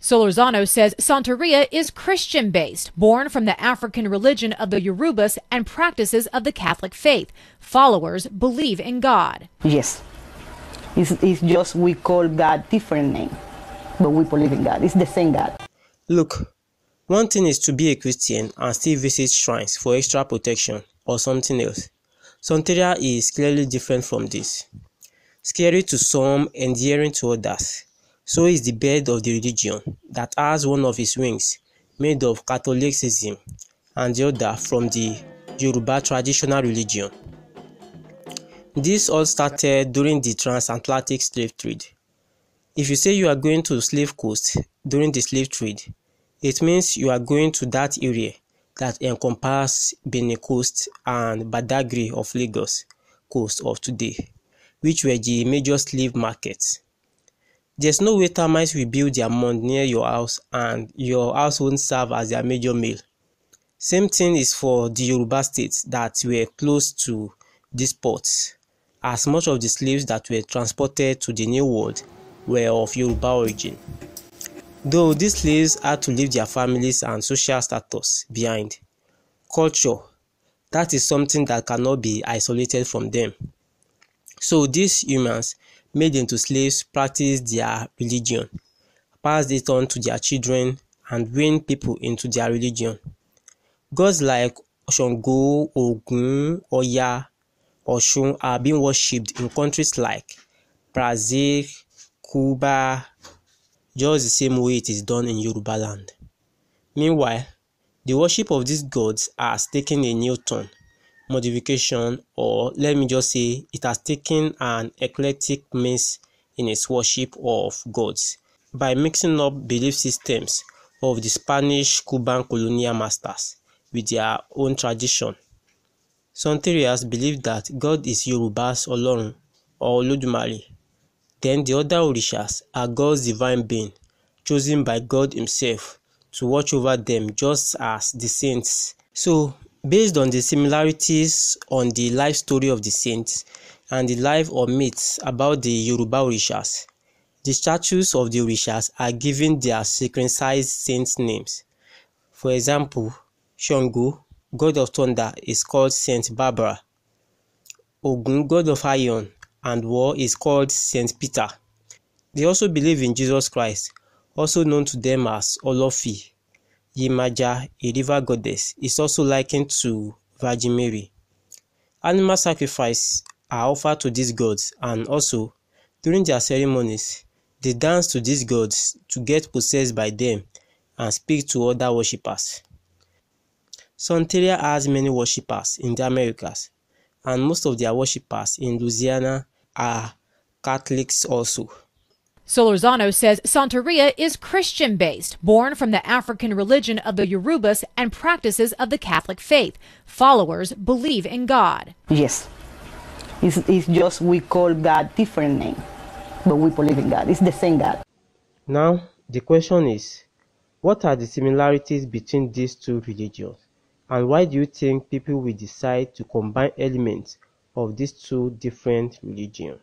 Solorzano says Santeria is Christian based, born from the African religion of the Yorubas and practices of the Catholic faith. Followers believe in God. Yes. It's, it's just we call God different name, but we believe in God. It's the same God. Look, one thing is to be a Christian and still visit shrines for extra protection or something else. Santeria is clearly different from this. Scary to some, endearing to others. So is the bed of the religion that has one of its wings made of Catholicism and the other from the Yoruba traditional religion. This all started during the transatlantic slave trade. If you say you are going to the slave coast during the slave trade, it means you are going to that area that encompasses Benin Coast and Badagry of Lagos Coast of today, which were the major slave markets. There's no way termites will build their mound near your house and your house won't serve as their major meal. Same thing is for the Yoruba states that were close to these ports, as much of the slaves that were transported to the New World were of Yoruba origin. Though these slaves had to leave their families and social status behind, culture, that is something that cannot be isolated from them. So these humans made into slaves practiced their religion, passed it on to their children, and weaned people into their religion. Gods like Shango, Ogun, Oya, Oshun are being worshipped in countries like Brazil, Cuba, just the same way it is done in Yoruba land. Meanwhile, the worship of these gods has taken a new turn modification or let me just say it has taken an eclectic mix in its worship of gods by mixing up belief systems of the Spanish Cuban colonial masters with their own tradition. Some believe that God is Yoruba's Olorun or Olodumare. Then the other Orishas are God's divine being chosen by God himself to watch over them just as the saints. So Based on the similarities on the life story of the saints and the life or myths about the Yoruba orishas, the statues of the orishas are given their synchronized saint names. For example, Shango, god of thunder, is called Saint Barbara. Ogun, god of iron and war, is called Saint Peter. They also believe in Jesus Christ, also known to them as Olofi. Yemaja, a river goddess, is also likened to Virgin Mary. Animal sacrifices are offered to these gods and also, during their ceremonies, they dance to these gods to get possessed by them and speak to other worshippers. Santeria has many worshippers in the Americas, and most of their worshippers in Louisiana are Catholics also. Solorzano says Santeria is Christian based, born from the African religion of the Yorubas and practices of the Catholic faith. Followers believe in God. Yes. It's, it's just we call God different name, but we believe in God. It's the same God. Now, the question is what are the similarities between these two religions? And why do you think people will decide to combine elements of these two different religions?